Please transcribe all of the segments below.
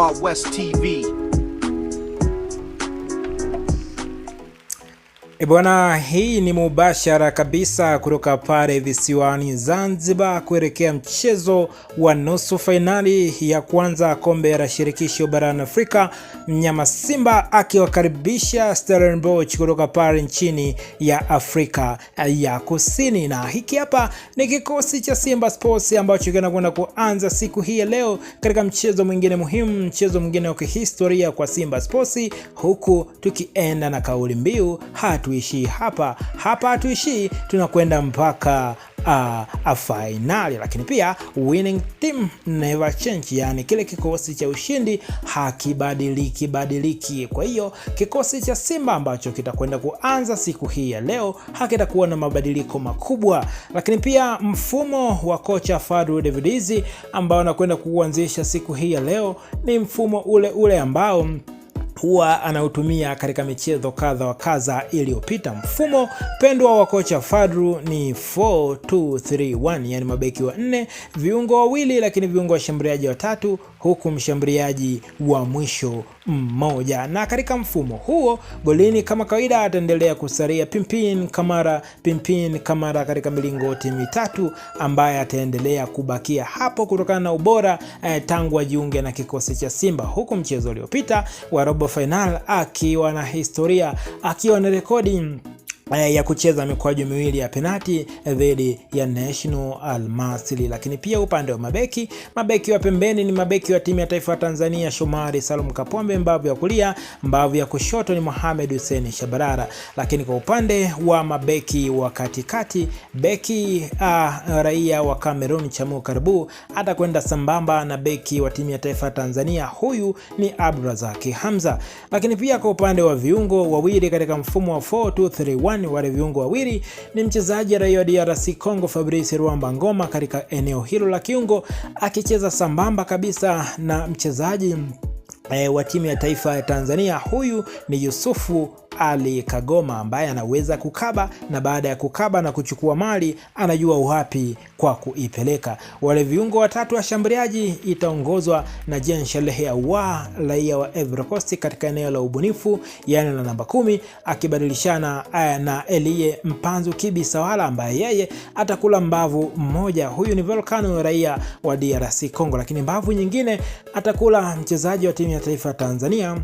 Wild West TV. Ebwana, bwana, hii ni mubashara kabisa kutoka pale visiwani Zanzibar kuelekea mchezo wa nusu fainali ya kwanza kombe la shirikisho barani Afrika, mnyama Simba akiwakaribisha Stellenbosch kutoka pale nchini ya Afrika ya Kusini. Na hiki hapa ni kikosi cha Simba Sports ambacho kinakwenda kuanza siku hii ya leo katika mchezo mwingine muhimu, mchezo mwingine wa kihistoria kwa Simba Sports, huku tukienda na kauli mbiu hatu hatuishii hapa, hapa hatuishii, tunakwenda mpaka uh, fainali. Lakini pia winning team never change, yani kile kikosi cha ushindi hakibadiliki badiliki. Kwa hiyo kikosi cha Simba ambacho kitakwenda kuanza siku hii ya leo hakitakuwa na mabadiliko makubwa, lakini pia mfumo wa kocha Fadlu ambao anakwenda kuuanzisha siku hii ya leo ni mfumo ule ule ambao huwa anautumia katika michezo kadha wa kadha iliyopita. Mfumo pendwa wa kocha Fadru ni 4231 yani mabeki wa nne, viungo wawili, lakini viungo washambuliaji watatu huku mshambuliaji wa mwisho mmoja. Na katika mfumo huo golini, kama kawaida, ataendelea kusalia Pimpin Kamara, Pimpin Kamara katika milingoti mitatu, ambaye ataendelea kubakia hapo kutokana na ubora eh, tangu ajiunge na kikosi cha Simba, huku mchezo uliopita wa robo final akiwa na historia, akiwa na rekodi Eh, ya kucheza mikwaju miwili ya penati eh, dhidi ya National Almasri. Lakini pia upande wa mabeki, mabeki wa pembeni ni mabeki wa timu ya taifa ya Tanzania, Shomari Salum Kapombe mbavu ya kulia, mbavu ya kushoto ni Mohamed Hussein Shabarara. Lakini kwa upande wa mabeki wa katikati, beki uh, raia wa Cameroon Chamu Karibu atakwenda sambamba na beki wa timu ya taifa ya Tanzania, huyu ni Abdulrazak Hamza. Lakini pia kwa upande wa viungo wawili katika mfumo wa 4231 wapinzani wale viungo wawili ni mchezaji raia wa DRC Congo Fabrice Ruamba Ngoma katika eneo hilo la kiungo akicheza sambamba kabisa na mchezaji e, wa timu ya taifa ya Tanzania. Huyu ni Yusufu ali Kagoma ambaye anaweza kukaba na baada ya kukaba na kuchukua mali anajua uhapi kwa kuipeleka. Wale viungo watatu washambuliaji itaongozwa na Jean Shalehe Ahoua raia wa Ivory Coast katika eneo la ubunifu, yani la namba kumi, akibadilishana eh, na Elie Mpanzu Kibi Sawala ambaye yeye atakula mbavu mmoja. Huyu ni Volcano raia wa DRC Congo, lakini mbavu nyingine atakula mchezaji wa timu ya taifa Tanzania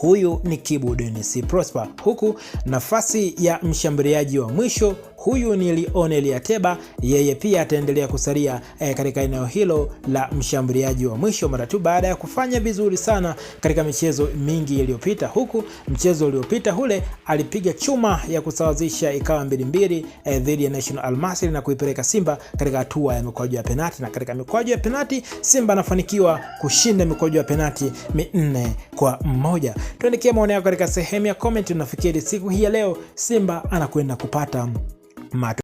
Huyu ni Kibu Dennis Prosper, huku nafasi ya mshambuliaji wa mwisho Huyu ni Lionel Ateba, yeye pia ataendelea kusalia e, katika eneo hilo la mshambuliaji wa mwisho mara tu baada ya kufanya vizuri sana katika michezo mingi iliyopita, huku mchezo uliopita ule alipiga chuma ya kusawazisha ikawa mbili mbili e, dhidi ya National Almasri na kuipeleka Simba katika hatua ya mikwaju ya penati, na katika mikwaju ya penati Simba anafanikiwa kushinda mikwaju ya penati minne kwa mmoja. Tuandikie maoni yako katika sehemu ya comment. Unafikiri siku hii ya leo Simba anakwenda kupata Mac